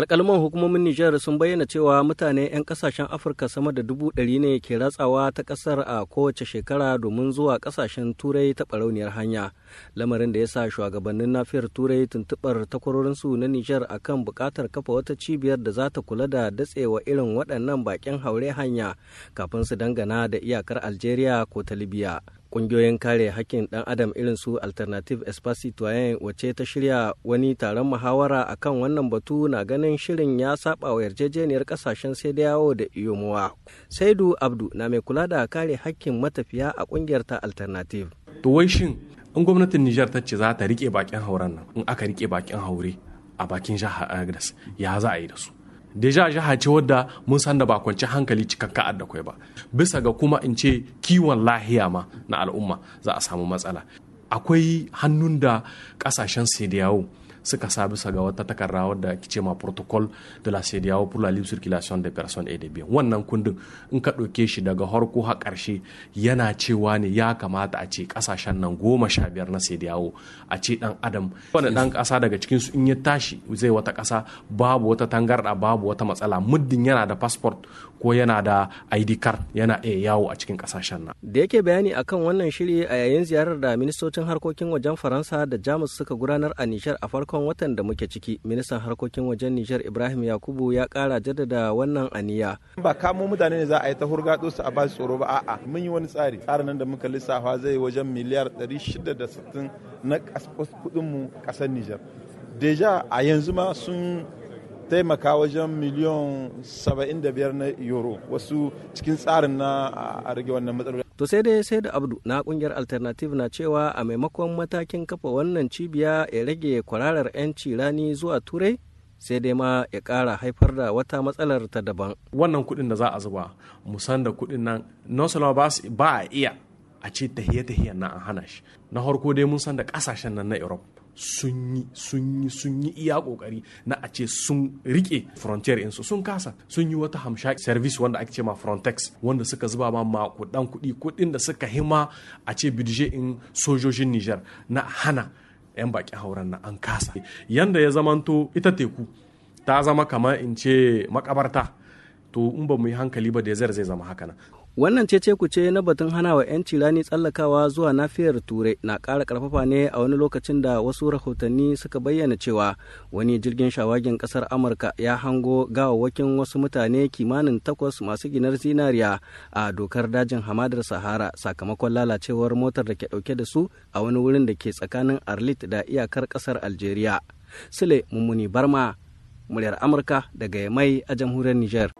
alkalman hukumomin nijar sun bayyana cewa mutane 'yan kasashen afirka sama da dubu ɗari ne ke ratsawa ta ƙasar a kowace shekara domin zuwa ƙasashen turai ta ɓarauniyar hanya lamarin da ya sa shugabannin nafiyar turai tuntuɓar takwarorinsu na nijar a kan buƙatar kafa wata cibiyar da za ta kula da datsewa irin waɗannan baƙin haure hanya kafin su dangana da iyakar algeria ko ta libya Ƙungiyoyin kare hakkin ɗan adam irin su Alternative Espace Citoyen wacce ta shirya wani taron muhawara akan wannan batu na ganin shirin ya saba wa yarjejeniyar ƙasashen sai da yawo da iyomowa. Saidu Abdu na mai kula da kare hakkin matafiya a ƙungiyar ta Alternative. To wai shin in gwamnatin Nijar ta ce za ta rike bakin hauren nan in aka rike bakin haure a bakin jihar Agnes ya za a yi da su? deja jiha ce wadda mun san da ba kwanci hankali cikakka da kwai ba bisa ga kuma in ce kiwon lahiya ma na al'umma za a samu matsala akwai hannun da kasashen sai da yawo suka sa bisa ga wata takarda wadda ake ce ma protocol de la CDAO pour la libre circulation des personnes et des biens wannan kundin in ka ɗauke shi daga harko har ƙarshe yana cewa ne ya kamata a ce ƙasashen nan goma sha biyar na CDAO a ce ɗan adam wani ɗan ƙasa daga cikin su in ya tashi zai wata ƙasa babu wata tangarɗa babu wata matsala muddin yana da passport ko yana da ID card yana iya yawo a cikin ƙasashen nan da yake bayani akan wannan shiri a yayin ziyarar da ministocin harkokin wajen Faransa da Jamus suka gudanar a Nishar a farko farkon watan da muke ciki ministan harkokin wajen nijar ibrahim yakubu ya kara jaddada wannan aniya ba kamo mutane ne za a yi ta hurgado su a basu tsoro ba a'a mun yi wani tsari tsarin nan da muka lissafa zai wajen miliyar 660 na kudin mu kasar nijar deja a yanzu ma sun taimaka wajen miliyan 75 na euro wasu cikin tsarin na a rage wannan matsaloli. To sai dai sai da Abdu na kungiyar Alternative na cewa a maimakon matakin kafa wannan cibiya ya rage kwararar 'yanci rani zuwa Turai sai dai ma ya kara haifar da wata matsalar ta daban. Wannan kuɗin da za a zuba, musan da kuɗin nan, Nosala ba a iya a ce tahiye-tahiyen na an hana shi. Na farko dai mun san da ƙasashen nan na Europe sun yi sun yi sun yi iya kokari na a ce sun rike frontier insu sun kasa sun yi wata hamsha service wanda ake ce ma frontex wanda suka zuba ma makudan kuɗi kuɗin da suka hima a ce bidje in sojojin niger na hana 'yan baƙin hauren na an kasa yanda ya zamanto ita teku ta zama kamar in ce makabarta to in ba mu yi hankali ba da zai zama haka nan Wannan cece ce na batun hana wa 'yanci rani tsallakawa zuwa nafiyar Turai na ƙara karfafa ne a wani lokacin da wasu rahotanni suka bayyana cewa wani jirgin shawagin ƙasar Amurka ya hango gawawwakin wasu mutane kimanin takwas masu ginar zinariya a dokar dajin hamadar Sahara sakamakon lalacewar motar da ke ɗauke da su a wani wurin da ke tsakanin Arlit da iyakar ƙasar Algeria. Sule Mummuni Barma, muryar Amurka daga mai a jamhuriyar niger.